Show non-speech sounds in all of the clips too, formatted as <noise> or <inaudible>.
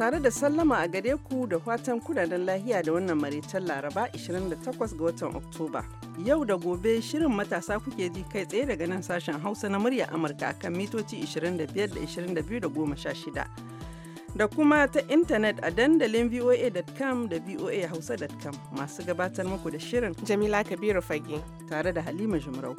tare da sallama a gare ku da fatan kudaden lahiya da wannan maraitar laraba 28 ga watan oktoba yau da gobe shirin matasa kuke ji kai tsaye daga nan sashen hausa na murya amurka kan mitoci 25 da 22 da kuma ta intanet a dandalin voa.com da voahausa.com masu gabatar muku da shirin jamila kabiru fage tare da halima jumrau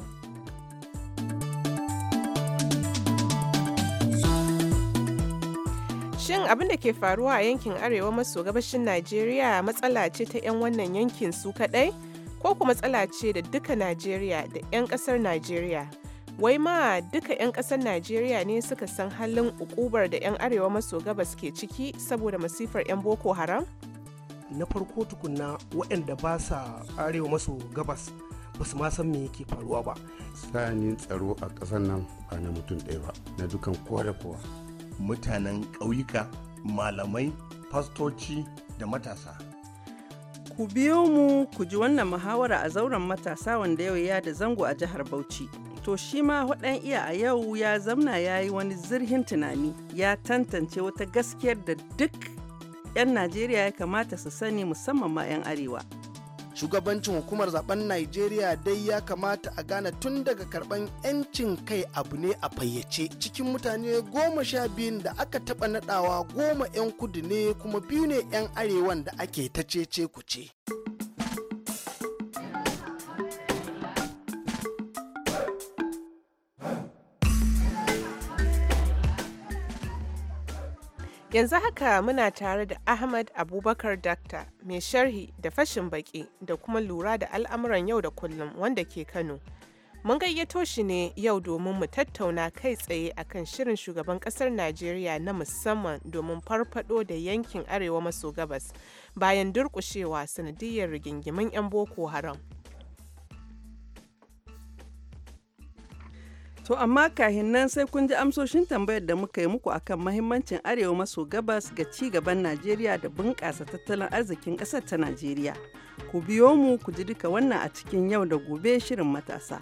Shin abin da ke faruwa a yankin arewa maso gabashin Najeriya matsala ce ta 'yan wannan yankin su kaɗai? Ko kuma matsala ce da duka Najeriya da 'yan kasar Najeriya? Wai ma duka 'yan ƙasar Najeriya ne suka san halin ukubar da 'yan arewa maso gabas ke ciki saboda masifar 'yan Boko Haram? Na farko tukunna waɗanda ba sa arewa maso gabas ba su ma san me yake faruwa ba. Sani tsaro a ƙasar nan ba na mutum ɗaya ba na dukan kowa da kowa. mutanen ƙauyuka malamai fastoci da matasa ku biyo mu ku ji wannan muhawara a zauren matasa wanda yau ya da zango a jihar bauchi to shi ma waɗan iya a yau ya zamna ya yi wani zirhin tunani ya tantance wata gaskiyar da duk 'yan najeriya ya kamata su sani musamman ma 'yan arewa shugabancin hukumar zaben najeriya dai ya kamata a gane tun daga karban yancin kai abu ne a fayyace cikin mutane goma sha biyun da aka taba naɗawa goma 'yan kudu ne kuma biyu ne 'yan arewan da ake ta cece kuce. Yanzu haka muna tare da Ahmad Abubakar Dakta mai sharhi da fashin baki da kuma lura da al'amuran yau da kullum wanda ke Kano. Mun gayyato shi ne yau domin mu tattauna kai tsaye a kan shirin shugaban kasar Najeriya na musamman domin farfado da yankin arewa maso gabas bayan durƙushewa sanadiyar rigingimin 'yan Boko Haram. To amma kahin nan sai kun ji amsoshin tambayar da muka yi muku akan mahimmancin arewa maso gabas ga ci gaban Najeriya da bunƙasa tattalin arzikin ƙasar ta Najeriya. Ku biyo mu ku ji duka wannan a cikin yau da gobe shirin matasa.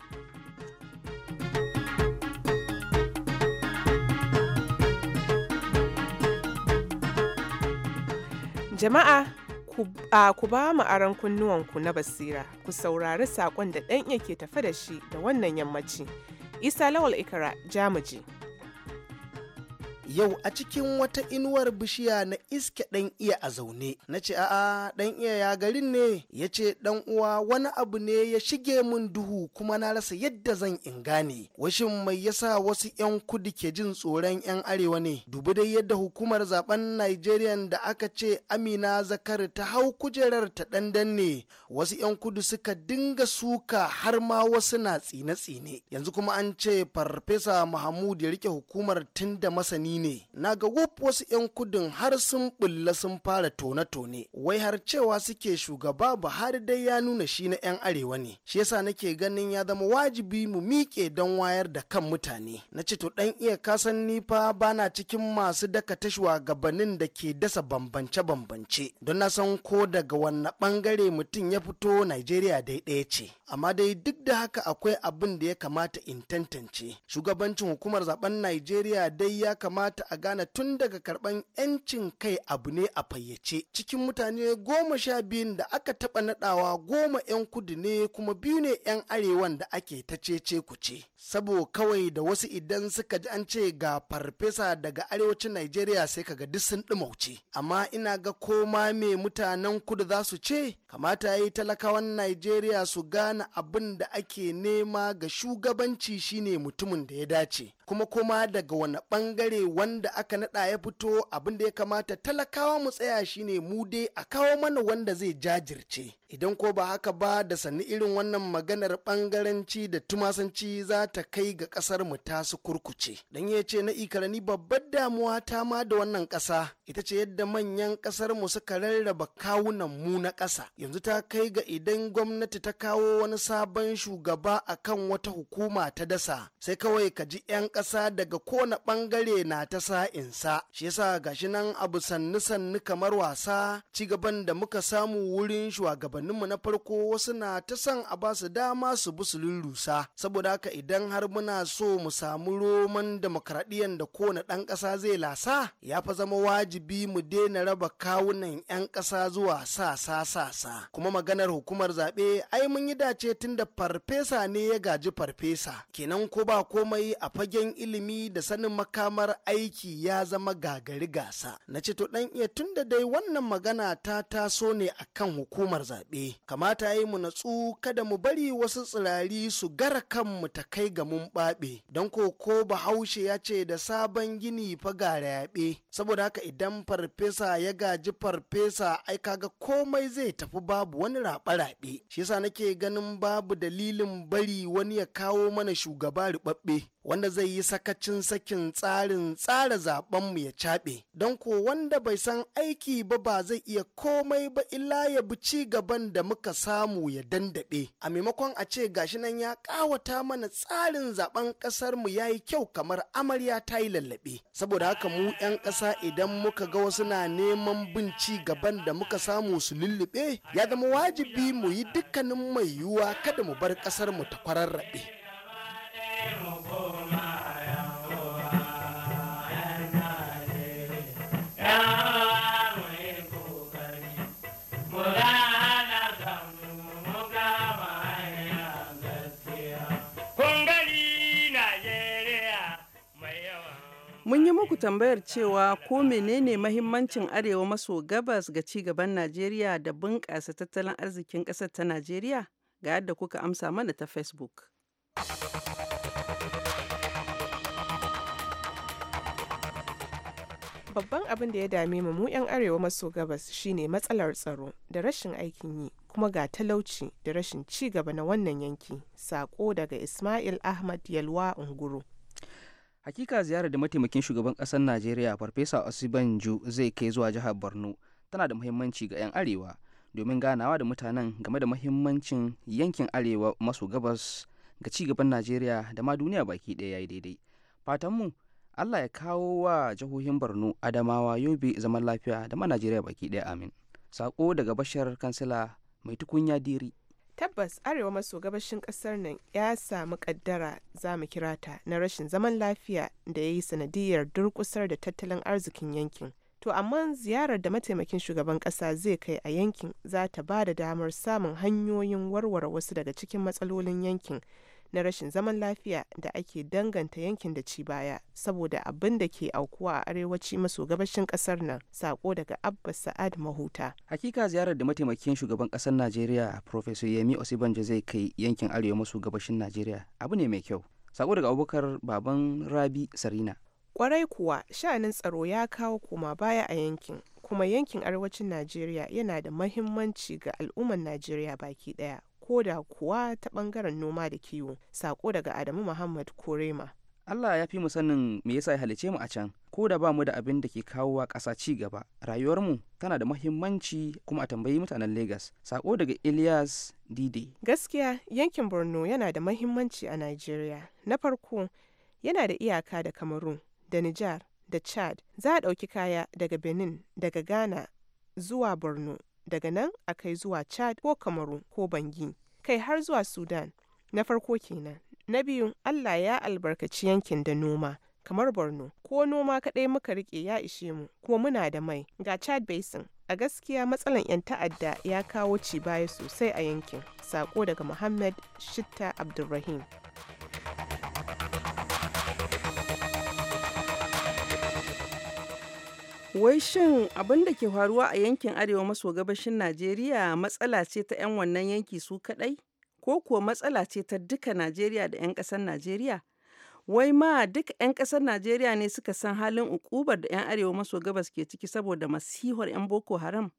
Jama'a ku ba mu aron kunnuwanku na basira ku saurari saƙon da ɗan yake tafe da shi da wannan yammaci. Isa Lawal Ikara Jamuji. yau a cikin wata inuwar bishiya na iske ɗan iya a zaune na ce a'a dan iya ya garin ne ya ce ɗan uwa wani abu ne ya shige min duhu kuma na rasa yadda zan in gane washin mai yasa wasu 'yan kudu ke jin tsoron 'yan arewa ne dubi dai yadda hukumar zaben Nigerian da aka ce Amina zakar ta hau kujerar ta dandan ne wasu 'yan kudu suka dinga suka har ma wasu na tsine-tsine yanzu kuma an ce farfesa Mahamud ya rike hukumar tun da masani ne na ga wup wasu 'yan kudin har sun bulla sun fara tone-tone wai har cewa suke shugaba ba buhari dai ya nuna shi na 'yan arewa ne shi yasa nake ganin ya zama wajibi mu miƙe don wayar da kan mutane na ce to dan iya kasan nifa bana cikin masu daka ta shugabannin da ke dasa bambance-bambance don na san ko daga wannan bangare mutum ya fito Najeriya daidai ce amma dai duk da haka akwai abin da ya kamata in tantance shugabancin hukumar zaben nigeria dai ya kamata kamata a gane tun daga karban 'yancin kai abu ne a fayyace cikin mutane goma sha biyu da aka taba nadawa goma 'yan kudu ne kuma biyu ne 'yan arewan da ake ta cece kuce sabo kawai da wasu idan suka ji an ce ga farfesa daga arewacin Najeriya sai ka ga duk sun ɗumauce amma ina ga koma me mutanen kudu za su ce kamata yi talakawan Najeriya su gane abin da ake nema ga shugabanci shine mutumin da ya dace kuma kuma daga wani bangare wanda aka nada ya fito abin da ya kamata talakawa mu tsaya shine mu dai a kawo mana wanda zai jajirce idan ko ba haka ba da sani irin wannan maganar bangaranci da tumasanci za ta kai ga kasar mu ta su kurkuce dan yace ce na ikarani babbar damuwa ta ma da wannan kasa ita ce yadda manyan kasar mu suka rarraba kawunan mu na ƙasa yanzu ta kai ga idan gwamnati ta kawo wani sabon shugaba a kan wata hukuma ta dasa sai kawai ka ji 'yan ƙasa daga kowane bangare na ta sa'insa shi yasa gashi nan abu sannu sannu kamar wasa ci gaban da muka samu wurin shugabanninmu na farko wasu na ta son a ba su dama su bi su lullusa saboda haka idan har muna so mu samu roman demokradiyyar da kowane ɗan ƙasa zai lasa ya fa zama wajibi wajibi mu daina raba kawunan 'yan ƙasa zuwa sa-sa-sa-sa kuma maganar hukumar zaɓe ai mun yi dace tun da farfesa ne ya gaji farfesa kenan ko ba komai a fagen ilimi da sanin makamar aiki ya zama gagari gasa na ce to ɗan iya tun da dai wannan magana ta taso ne a kan hukumar zaɓe kamata yi mu natsu kada mu bari wasu tsirari su gara kanmu ta kai ga mun ɓaɓe don ko ko bahaushe ya ce da sabon gini fa ga saboda haka idan idan farfesa ya gaji farfesa ai kaga komai zai tafi babu wani raɓe-raɓe shi yasa nake ganin babu dalilin bari wani ya kawo mana shugaba riɓaɓɓe wanda zai yi sakacin sakin tsarin tsara zaben ya caɓe don ko wanda bai san aiki ba ba zai iya komai ba illa ya bi ci gaban da muka samu ya dandaɓe. a maimakon a ce gashi nan ya ƙawata mana tsarin zaben ƙasar mu yayi kyau kamar amarya ta yi lallaɓe saboda haka mu 'yan ƙasa idan muka ga wasu na neman bin ci gaban da muka samu su lullube ya zama wajibi mu yi dukkanin mai yiwuwa kada mu bar ƙasarmu mu ta kwararrabe. Mun yi muku tambayar cewa ko menene mahimmancin Arewa maso gabas ga ci gaban Najeriya da bunƙasa tattalin arzikin ƙasar ta Najeriya? Ga yadda kuka amsa mana ta Facebook. babban abin da ya dame mu mu 'yan arewa maso gabas shine matsalar tsaro da rashin aikin yi kuma ga talauci da rashin ci gaba na wannan yanki sako daga ismail ahmad yalwa unguru hakika ziyarar da mataimakin shugaban kasar najeriya farfesa osibanju zai kai zuwa jihar borno tana da muhimmanci ga 'yan arewa domin ganawa da mutanen game da muhimmancin yankin arewa maso gabas ga ci gaban najeriya da ma duniya baki ɗaya yayi daidai fatanmu Allah ya kawo wa jihohin Borno, Adamawa, Yobe zaman lafiya da ma Najeriya baki ɗaya amin. Sako daga bashar kansila mai tukunya diri. Tabbas arewa maso gabashin ƙasar nan ya samu ƙaddara za mu kira ta na rashin zaman lafiya da ya yi sanadiyar durƙusar da tattalin arzikin yankin. To amma ziyarar da mataimakin shugaban ƙasa zai kai a yankin za ta ba da damar samun hanyoyin warware wasu daga cikin matsalolin yankin na rashin zaman lafiya da ake danganta yankin da ci baya saboda abin da ke aukuwa a arewaci maso gabashin kasar nan sako daga abbas sa'ad mahuta hakika ziyarar da mataimakin shugaban kasar najeriya professor yemi osibanjo zai kai yankin arewa maso gabashin najeriya abu ne mai kyau sako daga abubakar baban rabi sarina kwarai kuwa sha'anin tsaro ya kawo koma baya a yankin kuma yankin arewacin najeriya yana da mahimmanci ga al'umman najeriya baki daya ko da kuwa ta bangaren noma da kiwo. Sako daga Adamu Muhammad Korema. Allah ya fi mu sanin me yasa ya halice mu a can. Ko da ba mu da abin da ke kawo wa ƙasa ci gaba, rayuwarmu tana da mahimmanci kuma a tambayi mutanen lagos Sako daga Ilyas Dide. Gaskiya yankin Borno yana da mahimmanci a Najeriya. Na farko, yana da iyaka da Cameroon, da Nijar, da Chad. Za a ɗauki kaya daga Benin, daga Ghana zuwa Borno daga nan a kai zuwa Chad ko Kamaru ko Bangi, kai har zuwa Sudan. Na farko kenan. Na biyu, Allah ya albarkaci yankin da noma. kamar Borno, ko noma kaɗai muka riƙe ya ishe mu, kuma muna da mai. Ga Chad Basin, a gaskiya matsalan 'yan ta'adda ya kawo ci baya sosai a yankin. Sako daga Muhammad Shitta Abdulrahim. Wai shin abin da ke faruwa a yankin arewa maso gabashin Najeriya matsala ce ta 'yan wannan yanki su kaɗai? Ko kuwa matsala ce ta duka Najeriya da 'yan ƙasar Najeriya? Wai ma duka 'yan ƙasar Najeriya ne suka san halin ukubar da 'yan arewa maso gabas ke ciki saboda masihar 'yan Boko Haram?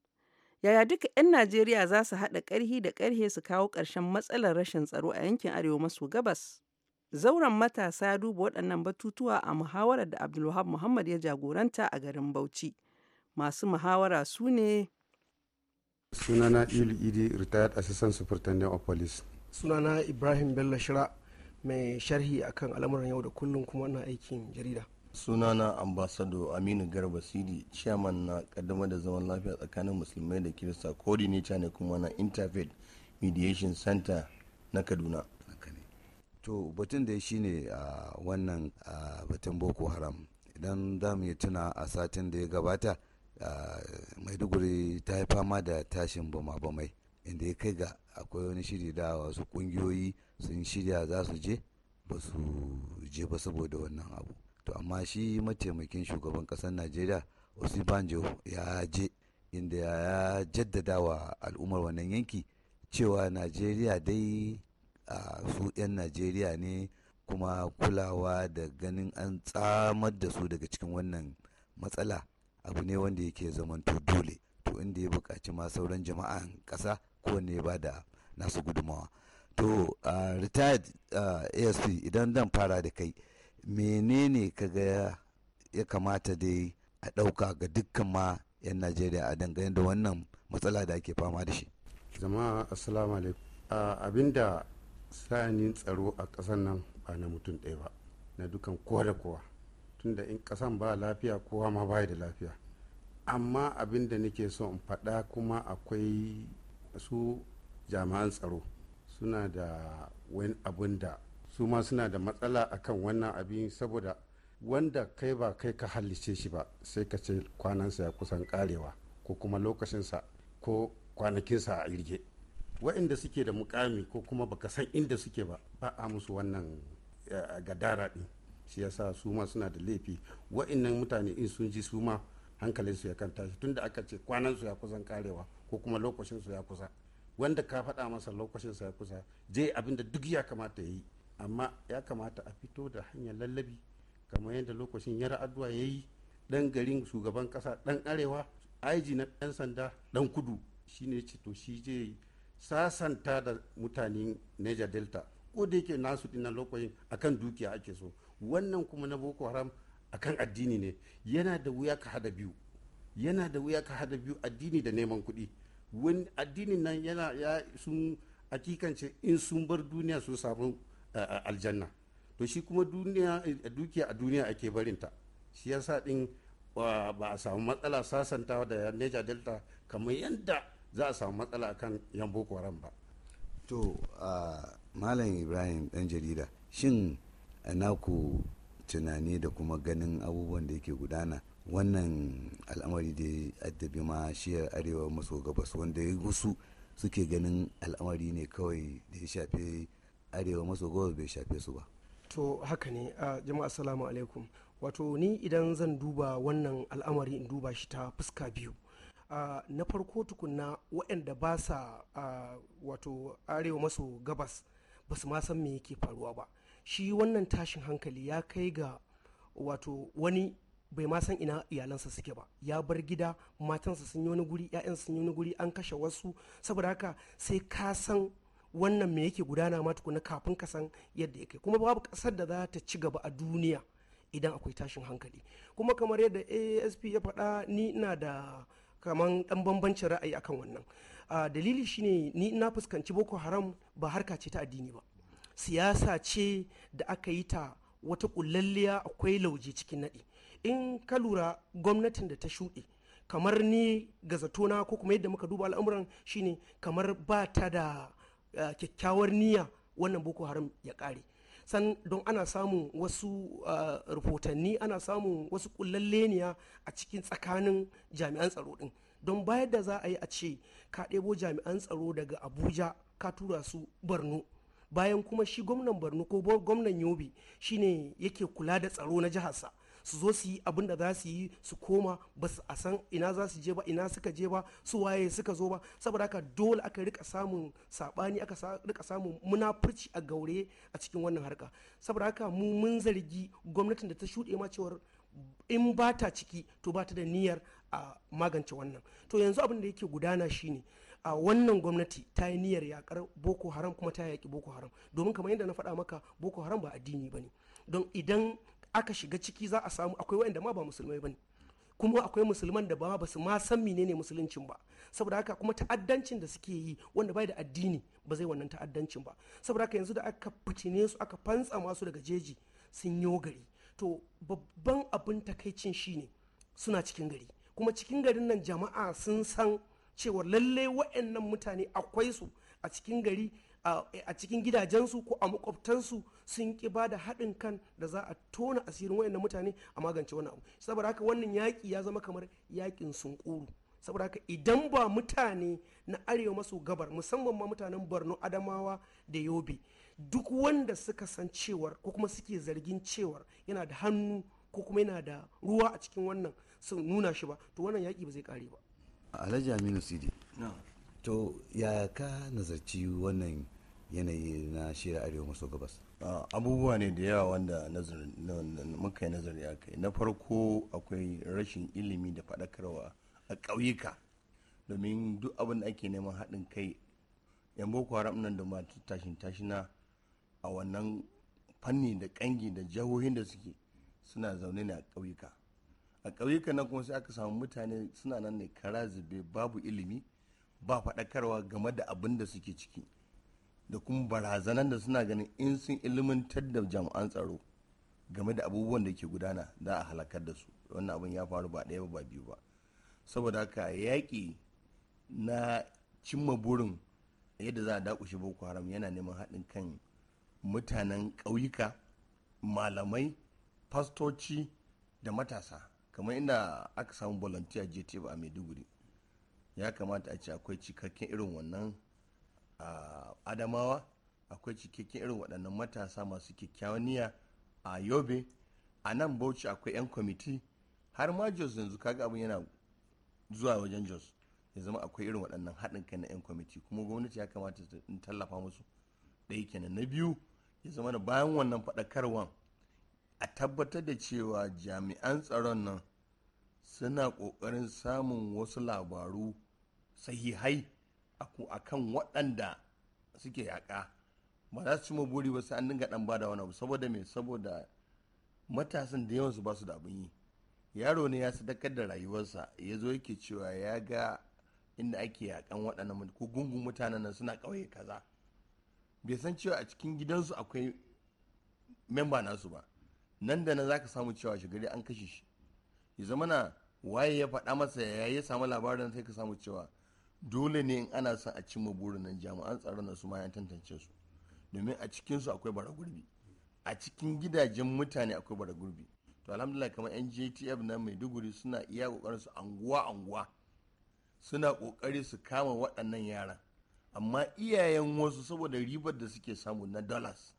Yaya duka 'yan Najeriya za su haɗa ƙarhi da ƙarhe su kawo ƙarshen matsalar rashin tsaro a yankin arewa maso gabas? Zauren matasa ya duba waɗannan batutuwa a muhawarar da Abdulwahab Muhammad ya jagoranta a garin Bauchi. Masu muhawara su ne Sunana Ili Idi, retired assistant superintendent of police. Sunana Ibrahim Bello Shira, mai sharhi akan al'amuran yau da kullum kuma na aikin jarida. Sunana ambasado Aminu Garba Sidi, chairman na kaddamar da zaman lafiya tsakanin musulmai da kirista, coordinator ne kuma na Interfaith Mediation Center na Kaduna. to batun da shi ne a wannan batun boko haram idan za mu yi tuna a satin da ya gabata maiduguri ta yi fama da tashin bama-bamai inda ya kai ga akwai wani shiri da wasu kungiyoyi sun shirya za su je ba su je ba saboda wannan abu to amma shi mataimakin shugaban kasar najeriya osibanjo ya je inda ya jaddada wa al'ummar wannan yanki cewa najeriya dai a su 'yan najeriya ne kuma kulawa da ganin an tsamar da su daga cikin wannan matsala abu ne wanda yake zamanto dole to inda ya buƙaci ma sauran jama'an ƙasa kowanne ba da nasu gudumawa to retired asp idan zan fara da kai menene ga ya kamata dai a ɗauka ga dukkan ma 'yan najeriya a dangane da wannan matsala da ake fama da shi jama'a assalamu alaikum abinda sanin tsaro a ƙasar nan ba na mutum ɗaya ba na dukan kowa da kowa tunda in ƙasan ba lafiya kowa ma ba da lafiya amma abin da nake so in faɗa kuma akwai su jami'an tsaro suna da wani abin da su ma suna da matsala akan wannan abin saboda wanda kai ba kai ka halice shi ba sai ka ce kwanansa ya kusan karewa ko kuma lokacinsa ko kwanakinsa a irge waɗanda suke da mukami ko kuma baka san inda suke ba ba a musu wannan eh, gadara ɗin shi yasa su ma suna da laifi waɗannan mutane in sun ji su ma su ya kan tashi tunda aka ce kwanansu ya kusan karewa ko kuma lokacinsu ya kusa wanda ka faɗa masa su ya kusa je abin da duk ya kamata ya yi amma ya kamata a fito da hanyar lallabi kamar yadda lokacin yara addu'a ya yi ɗan garin shugaban kasa dan arewa aiji na dan sanda dan kudu shine ce to shi je sasanta da mutanen Niger Delta ko da yake nasu dina lokacin akan dukiya ake so wannan kuma na Boko Haram akan addini ne yana da wuya ka hada biyu yana da wuya ka hada biyu addini da neman kuɗi wani addinin nan yana ya sun hakikance in sun bar duniya sun samu aljanna to shi kuma duniya dukiya a duniya ake barinta shi yasa din ba a samu matsala sasantawa da neja delta kamar yadda za a samu matsala kan yan boko haram ba to malam ibrahim dan jarida shin naku tunani da kuma ganin abubuwan da yake gudana wannan al'amari da addabi ma shiyar arewa maso gabas wanda wasu suke ganin al'amari ne kawai da ya shafe arewa maso gabas bai shafe su ba to haka ne jama'a assalamu alaikum wato ni idan zan duba wannan al'amari in duba shi ta fuska biyu na farko tukunna waɗanda ba sa wato arewa maso gabas ba su ma san me yake faruwa ba shi wannan tashin hankali ya kai ga wato wani bai ma san ina iyalansa suke ba ya bar gida matansa sun yi wani guri 'ya'yan sun yi wani guri an kashe wasu saboda haka sai ka san wannan me yake gudana ma tukunna kafin ka san yadda yake kuma babu ƙasar da za ta ci gaba a duniya idan akwai tashin hankali kuma kamar yadda asp ya faɗa ni ina da kamar dan bambancin ra'ayi akan wannan dalili shine ni na fuskanci boko haram ba harka ce ta addini ba siyasa ce da aka yi ta wata kullalliya akwai lauje cikin nadi in ka lura gwamnatin da ta shuɗe kamar ni ga zatona ko kuma yadda muka duba al'amuran shine kamar ba ta da kyakkyawar niyya wannan boko haram ya kare. san don ana samun wasu ah, rahotanni ana samun wasu kullalleniya a cikin tsakanin jami'an tsaro din don bayar da za a yi a ce ka ɗebo jami'an tsaro daga abuja ka tura su borno bayan kuma shi gwamnan borno ko gwamnan yobe shine yake kula da tsaro na jiharsa su zo su yi abin da za su yi su koma ba su a san ina za su je ba ina suka je ba su waye suka zo ba saboda haka dole aka rika samun sabani aka rika samun munafurci a gaure a cikin wannan harka saboda haka mu mun zargi gwamnatin da ta shuɗe ma cewar in ba ta ciki to ba ta da niyyar a magance wannan to yanzu abin da yake gudana shine a wannan gwamnati ta yi niyyar yakar boko haram kuma ta yaki boko haram domin kamar yadda na faɗa maka boko haram ba addini ba ne don idan aka shiga ciki za a samu akwai wa'anda ma ba musulmai bane kuma akwai musulman da ba su ma san menene musuluncin ba saboda haka kuma ta'addancin da suke yi wanda bai da addini ba zai wannan ta'addancin ba saboda haka yanzu da aka fitine su aka fantsa masu daga jeji sun yo gari to babban abin takaicin shine suna cikin gari kuma cikin garin nan jama'a sun san cewa lallai wa'annan mutane akwai su a cikin gari a cikin gidajensu ko a makwabtansu sun ki ba da haɗin kan da za a tona asirin na mutane a magance wani abu saboda haka wannan yaƙi ya zama kamar yaƙin sunkuru saboda haka idan ba mutane na arewa maso gabar musamman ma mutanen borno adamawa da yobe duk wanda suka san cewar ko kuma suke zargin cewar yana da hannu ko kuma yana da ruwa a cikin wannan sun nuna shi ba to wannan yaƙi ba zai kare ba alhaji aminu sidi to ya ka nazarci wannan yanayi na shirya arewa maso gabas abubuwa ne da yawa wanda muka yi nazari a kai na farko akwai rashin ilimi da faɗakarwa a ƙauyuka domin duk abin da ake neman haɗin kai yan boko haram nan da masu tashin tashina a wannan fanni da ƙangi da jihohin da suke suna zaune ne a ƙauyuka a ƙauyuka nan kuma sai aka samu mutane suna nan ne kara zube babu ilimi ba faɗakarwa game da abin da suke ciki da kuma barazanan da suna ganin in sun ilimantar da jami'an tsaro game da abubuwan da ke gudana za a halakar da su wannan abin ya faru ba ɗaya ba biyu ba saboda haka yaƙi na cimma burin yadda za a dakushe boko haram yana neman haɗin kan mutanen ƙauyuka malamai fastoci da matasa kamar inda aka samu volunteer ba a maiduguri ya kamata a ce akwai cikakken irin wannan adamawa akwai cikakken irin waɗannan matasa masu kyakkyawan niyya a yobe a nan bauchi akwai 'yan kwamiti har ma jos yanzu kaga abin yana zuwa wajen jos ya zama akwai irin waɗannan haɗin kai na 'yan kwamiti kuma gwamnati ya kamata ta tallafa musu ɗaya kenan na biyu ya zama da bayan wannan faɗakarwan a tabbatar da cewa jami'an tsaron nan suna ƙoƙarin samun wasu labaru sahihai a kan waɗanda suke yaƙa ba za su cimma buri ba sai an dinga ɗan bada wani abu saboda me saboda matasan da yawansu ba su da abin yi yaro ne ya sadakar da rayuwarsa ya zo yake cewa ya ga inda ake yaƙan waɗannan ko gungun mutanen nan suna ƙauye kaza bai san cewa a cikin gidansu akwai memba nasu ba nan da nan za ka samu cewa shigari an kashe shi ya zama na waye ya faɗa masa ya ya samu labarin sai ka samu cewa dole ne in ana son a cimma burin nan jami'an tsaron na su ma ya tantance su domin a cikin su akwai bara gurbi a cikin gidajen mutane akwai bara gurbi to alhamdulillah kamar yan jtf na maiduguri suna iya kokarin su anguwa anguwa suna kokari su kama waɗannan yaran amma iyayen wasu saboda ribar da suke samu na dollars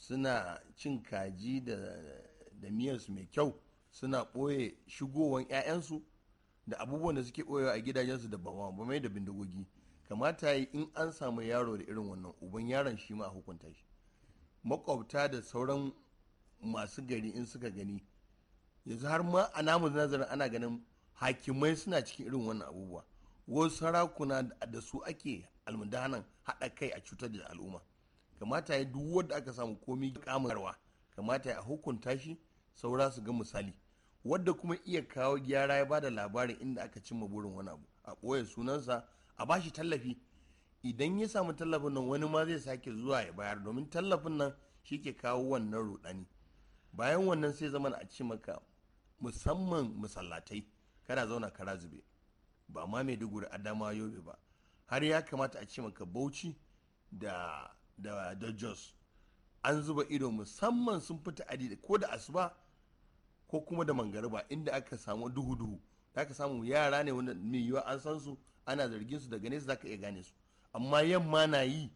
suna cin kaji da miyarsu mai kyau suna ɓoye shigowan 'ya'yansu da abubuwan da suke ɓoyewa a gidajensu da mai da bindigogi kamata yi in an samu yaro da irin wannan uban yaron shi ma a hukunta shi makwabta da sauran masu gari in suka gani yanzu har ma a namu nazarin ana ganin hakimai suna cikin irin wannan abubuwa wasu sarakuna da su ake almudanan haɗa kai a cutar da al'umma kamata yi duk wanda aka samu komi kamarwa kamata a hukunta shi saura su ga misali wadda kuma iya kawo gyara ya bada labarin inda aka cimma burin wani abu a ɓoye sunansa a bashi tallafi idan ya samu tallafin nan wani ma zai sake zuwa ya bayar domin tallafin nan shi ke kawo wannan rudani bayan wannan sai zaman a ci maka musamman masallatai kana zauna kara zube ba ma mai a adama yobe ba har ya kamata a ci maka bauchi da da, da jos an zuba ido musamman sun fita adi ko da asuba ko kuma da mangariba inda aka samu duhu duhu ka samu yara ne wanda mai yiwa an san su ana zargin su daga nesa zaka iya gane su amma yamma na yi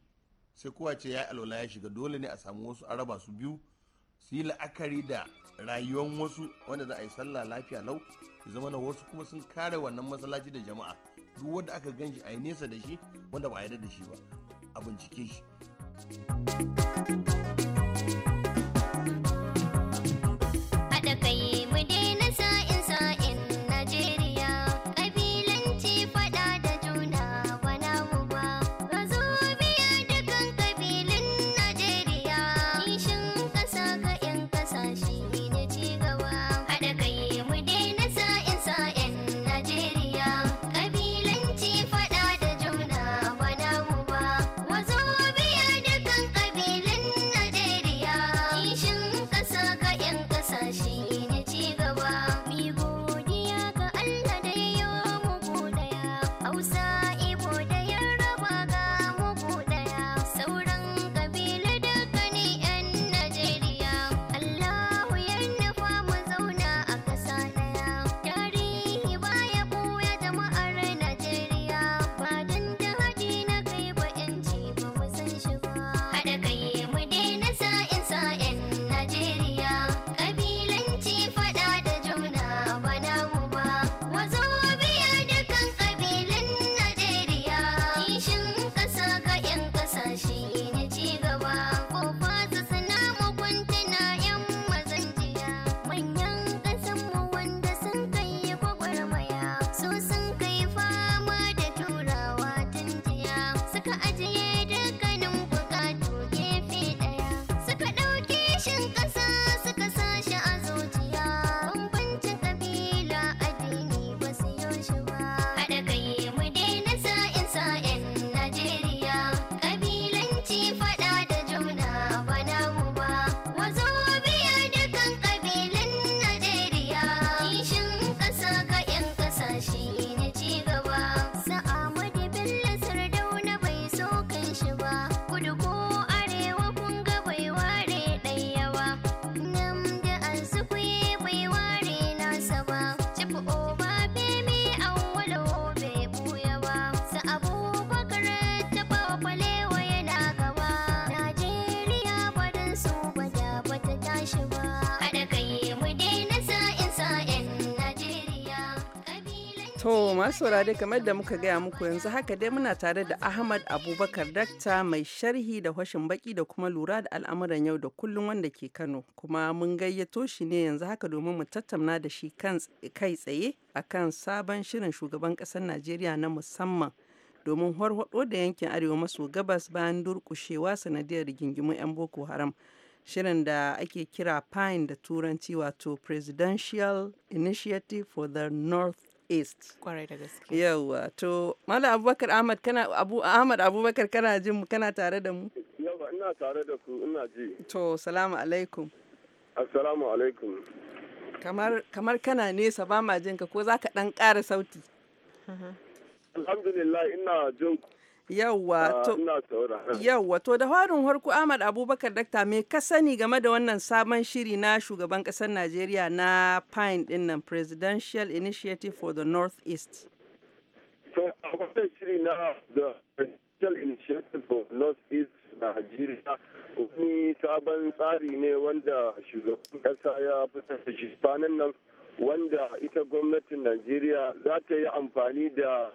sai kowa ce ya alwala ya shiga dole ne a samu wasu an raba su biyu su yi la'akari da rayuwar wasu wanda za a yi sallah lafiya lau ya zama na wasu kuma sun kare wannan masallaci da jama'a duk wanda aka gan a yi nesa da shi wanda ba a yarda da shi ba a bincike shi. To masu saurare kamar da muka gaya muku yanzu haka dai muna tare da Ahmad Abubakar Dakta mai sharhi da hoshin baki da kuma lura da al'amuran yau da kullum wanda ke Kano kuma mun gayyato shi ne yanzu haka domin mu tattauna da shi kai tsaye a kan sabon shirin shugaban ƙasar Najeriya na musamman domin horhoɗo da yankin arewa maso gabas bayan durƙushewa sanadiyar rigingimu 'yan Boko Haram. shirin da ake kira pine da turanci wato presidential initiative for the north east kwarai da gaske yawa to mala abubakar ahmad kana abu ahmad abubakar kana jin mu kana tare da mu yawa ina tare da ku ina ji to salamu alaikum assalamu alaikum kamar kamar kana nesa ba ma jinka ko zaka dan ƙara sauti alhamdulillah ina jin ku Ah, yawwa to da farin harku Ahmad Abubakar Dakta mai ka sani game da wannan sabon shiri na shugaban kasar Najeriya na Pine din nan Presidential Initiative for the Northeast. To wannan shiri na the Presidential Initiative for Northeast Najeriya wani sabon tsari ne wanda shugaban kasa ya fita da shi nan wanda ita gwamnatin Najeriya za ta yi amfani da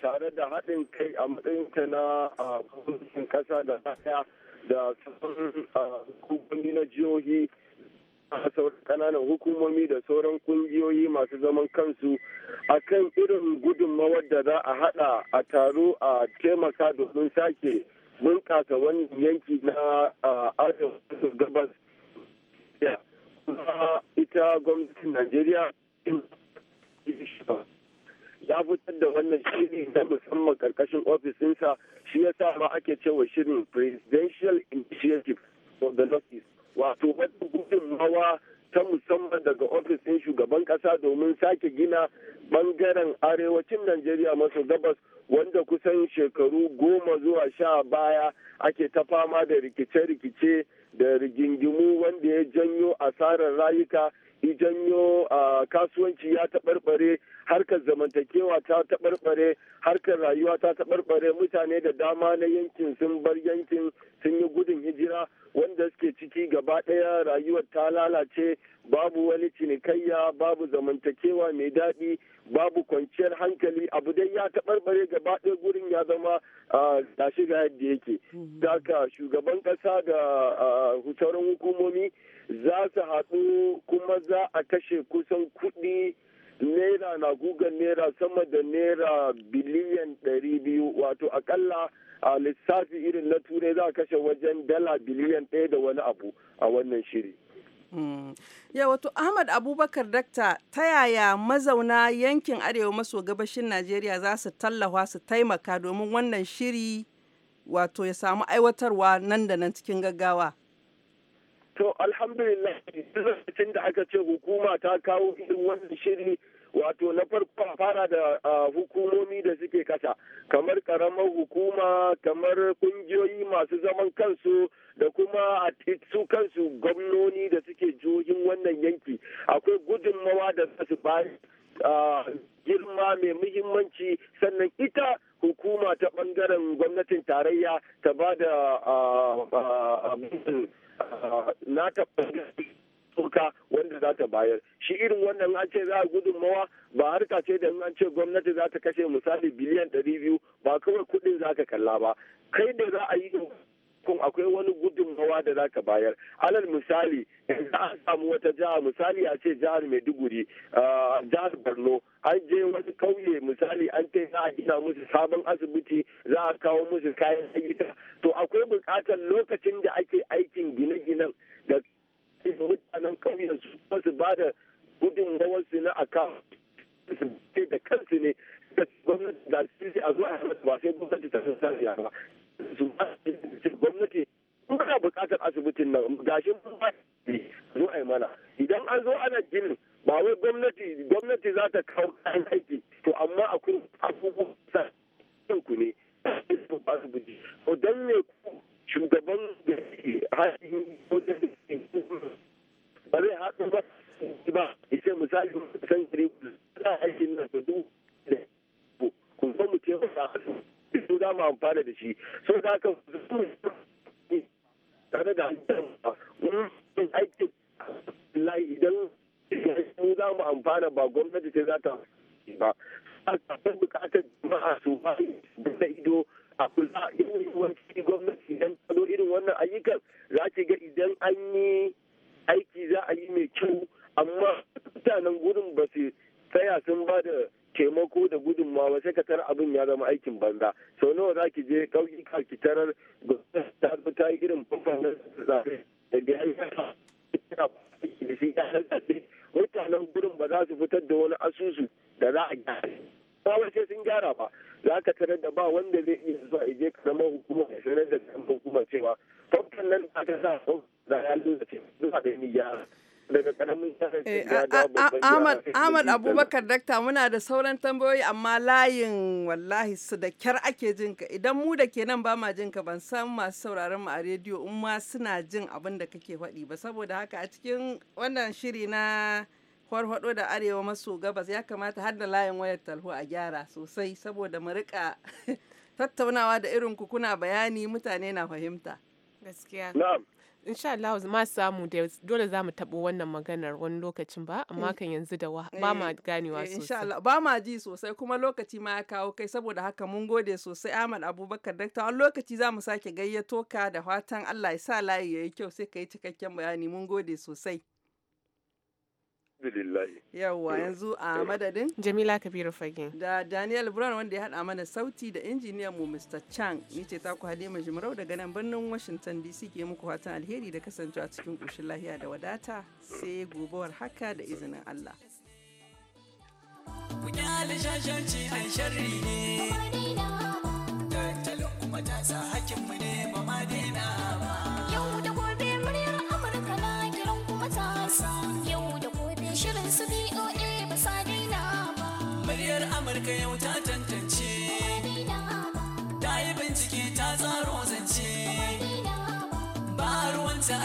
tare da haɗin kai a matsayinta na gwamnatin ƙasa da ɗaya da sauran hukumomi na jihohi sauran kananan hukumomi da sauran ƙungiyoyi masu zaman kansu akan irin gudunmawar da za a haɗa a taro a taimaka domin sake bunƙasa wani yanki na arewa gabas ita gwamnatin najeriya ya fitar da wannan shiri na musamman karkashin ofisinsa shi ya sa ma ake cewa shirin presidential initiative for the northeast wato wata gudunmawa ta musamman daga ofisin shugaban kasa domin sake gina bangaren arewacin najeriya maso gabas wanda kusan shekaru goma zuwa sha baya ake ta fama da rikice-rikice da rigingimu wanda ya janyo asarar rayuka janyo kasuwanci ya taɓarɓare harkar zamantakewa ta taɓarɓare harkar rayuwa ta taɓarɓare mutane da dama na yankin sun bar yankin sun yi gudun hijira wanda suke ciki gaba ɗaya rayuwar ta lalace babu wani cinikayya babu zamantakewa mai daɗi babu kwanciyar hankali abu dai ya taɓarɓare gaba ɗaya gurin ya zama ga shiga yadda yake daga mm-hmm. shugaban ƙasa da sauran hukumomi za su haɗu kuma za a kashe kusan kuɗi naira na gugan naira sama da naira biliyan ɗari biyu wato akalla a lissafi irin na turai za a kashe wajen dala biliyan ɗaya da wani abu a wannan shiri. Mm. Ya wato Ahmad Abubakar Dakta ta yaya mazauna yankin Arewa maso gabashin Najeriya za su tallafa su taimaka domin wannan shiri wato ya samu aiwatarwa nan da nan cikin gaggawa. To alhamdulillah lokacin da aka ce hukuma ta kawo irin wannan shiri wato na farko a fara da hukumomi da suke kasa kamar karamar hukuma kamar kungiyoyi masu zaman kansu da kuma a su kansu gwamnoni da suke jojin wannan yanki akwai gudunmawa da za su bayar girma mai muhimmanci sannan ita hukuma ta bangaren gwamnatin tarayya ta ba da na turka wanda za ta bayar shi irin wannan an ce za a gudunmawa ba harka ce da an ce gwamnati za ta kashe misali biliyan ɗari biyu ba kawai kuɗin za ka kalla ba kai da za a yi kun akwai wani gudun gudunmawa da zaka bayar alal misali za a samu wata jiha misali a ce jihar maiduguri ah, jihar borno an je wani kauye misali an ce za a gina musu sabon asibiti za a kawo musu kayan ayyuka to akwai buƙatar lokacin da ake aikin gine-ginen da mutanen kauyen su su ba da su na account da kansu ne gwamnati da su a zuwa ba sai gwamnati ta ba su gwamnati muna buƙatar asibitin nan gashi zo ai mana idan an zo ana ginin ba wai gwamnati gwamnati za ta kawo kayan aiki to amma akwai abubuwan sa ne asibiti don ne amfana da shi so da haka tare da aikin idan za mu amfana ba gwamnati ce za ta mutanen zaɓe da biyayi mutanen gurin ba za su fitar da wani asusu Ahmad Abubakar dakta muna da sauran tambayoyi amma layin wallahi su da kyar ake jin ka idan mu da ke nan ba ma jin ka ban san masu sauraron mu a rediyo in ma suna jin abin da kake faɗi ba saboda haka a cikin wannan shiri na farfado da arewa maso gabas ya kamata har da layin wayar talho a gyara sosai saboda mu rika <laughs> tattaunawa da irin ku kuna bayani mutane na fahimta. Gaskiya. insha Allah ma samu da dole za mu taɓo wannan maganar wani lokacin ba amma eh. kan yanzu da ba ma eh, ganewa eh, sosai insha Allah ba ma ji sosai kuma lokaci ma ya kawo kai saboda haka mun gode sosai Ahmad Abubakar dakta wani lokaci za mu sake gayyato ka da fatan Allah ya sa layi yayi kyau sai ka yi cikakken bayani mun gode sosai Alhamdulillah. Yawwa eh, yanzu a eh. madadin Jamila Kabiru Fage. Da Daniel Brown wanda ya haɗa mana sauti da injiniyan mu Mr. Chang. Ni ce taku Halima Jimarau daga nan birnin Washington DC ke muku fatan alheri da kasancewa cikin ƙoshin lahiya da wadata sai gobawar haka da izinin Allah. Ku kyale shashanci an sharri ne. Tattalin kuma ta sa hakinmu ne ba ma daina.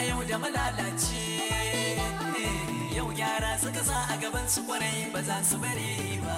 yau da malalaci eh, yau gyara suka sa a gaban su kwarai ba za su bari ba